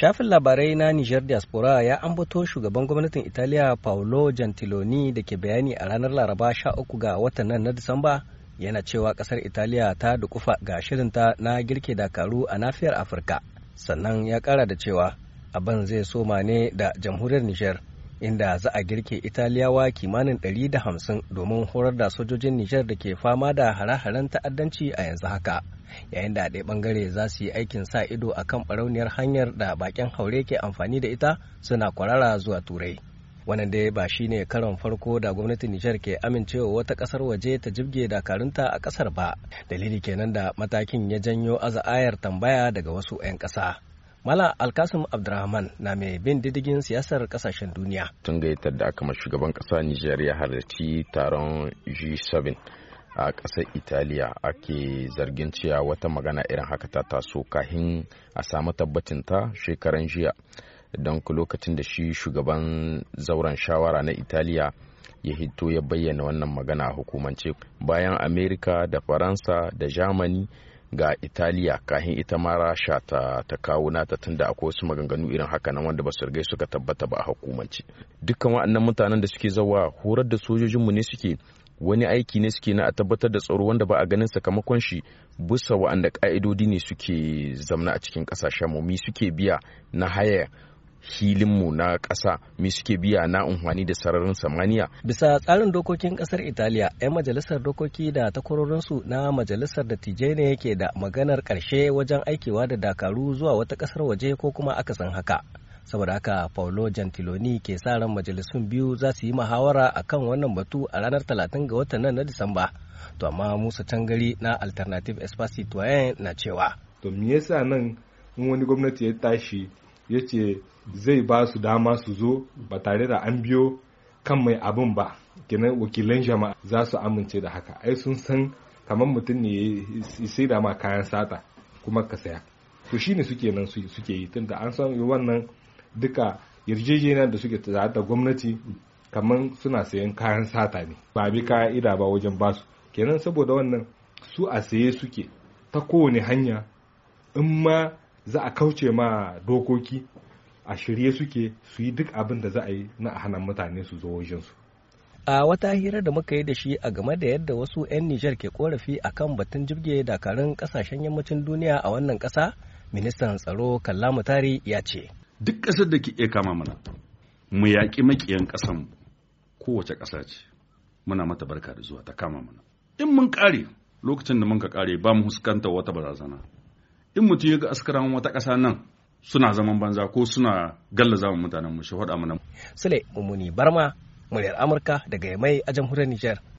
Shafin labarai na niger Diaspora ya ambato shugaban gwamnatin Italiya Paolo Gentiloni da ke bayani a ranar Laraba 13 ga watan nan na Disamba yana cewa kasar Italiya ta dukufa ga shirinta na girke dakaru a nafiyar Afirka. Sannan ya kara da cewa abin zai soma ne da jamhuriyar Nijar inda za a girke Italiyawa kimanin 150 domin horar da sojojin Nijar da ke fama da hare-haren ta'addanci a yanzu haka. Yayin da ɗaya ɓangare za su yi aikin sa ido a kan ɓarauniyar hanyar da baƙin haure ke amfani da ita suna kwarara zuwa Turai. Wannan dai ba shi ne karon farko da gwamnatin Nijar ke amincewa wata ƙasar waje ta jibge dakarunta a ƙasar ba. Dalili kenan da matakin ya janyo aza'ayar tambaya daga wasu 'yan ƙasa. Mala Alkasim Abdurrahman na mai bin didigin siyasar kasashen duniya. Tun gayyatar da aka mashi shugaban ƙasa Nijar ya halarci taron G7 a ƙasar Italiya ake zargin cewa wata magana irin haka ta taso kahin a samu tabbacin ta shekaran jiya. Don lokacin da shi shugaban zauren shawara na Italiya ya hito ya bayyana wannan magana a hukumance bayan Amerika da Faransa da Germany ga italiya kahin ita ma rasha ta, ta kawo nata tunda akwai wasu maganganu irin haka nan wanda ba su rigai suka tabbata ba a hukumance dukkan waɗannan mutanen da suke zawa horar da sojojinmu ne suke wani aiki ne suke na a tabbatar da tsaro wanda ba a ganin sakamakon shi bisa wa'anda ka'idodi ne suke zamna a cikin kasashen mu suke biya na haya mu na ƙasa me suke biya na unhwani da sararin samaniya. Bisa tsarin dokokin ƙasar Italiya, 'yan majalisar dokoki da takwarorinsu na majalisar dattijai ne ke da maganar ƙarshe wajen aikewa da dakaru zuwa wata ƙasar waje ko kuma akasin haka. saboda haka paulo gentiloni ke sa ran majalisun biyu za su yi muhawara a kan wannan batu a ranar talatin ga watan nan na disamba to amma musa tangari na alternative espace citoyen na cewa to me yasa nan in wani gwamnati ya tashi ya ce zai ba su dama su zo ba tare da an biyo kan mai abin ba kenan wakilan jama'a za su amince da haka ai sun san kamar mutum ne sai da ma kayan sata kuma ka saya to shine suke nan suke yi tunda an san wannan duka yarjejeniyar da suke tare da gwamnati kamar suna sayan kayan sata ne ba bi kaya ida ba wajen basu kenan saboda wannan su a saye suke ta kowane hanya in ma za a kauce ma dokoki a shirye suke su yi duk abin da za a yi na a hana mutane su zo wajensu. a wata hira da muka yi da shi a game da yadda wasu 'yan nijar ke korafi a kan batun jibge dakarun kasashen yammacin duniya a wannan kasa ministan tsaro kalla mutari ya ce duk ƙasar da ke iya kama mana mu yaƙi maƙiyan ƙasanmu kowace ƙasa ce muna mata barka da zuwa ta kama mana in mun ƙare lokacin da mun ka ƙare ba mu huskanta wata barazana in mutum ya ga askaran wata ƙasa nan suna zaman banza ko suna gallaza mutanen mu shi mana. Sule Mummuni Barma, muryar Amurka daga Yamai a jamhuriyar Nijar.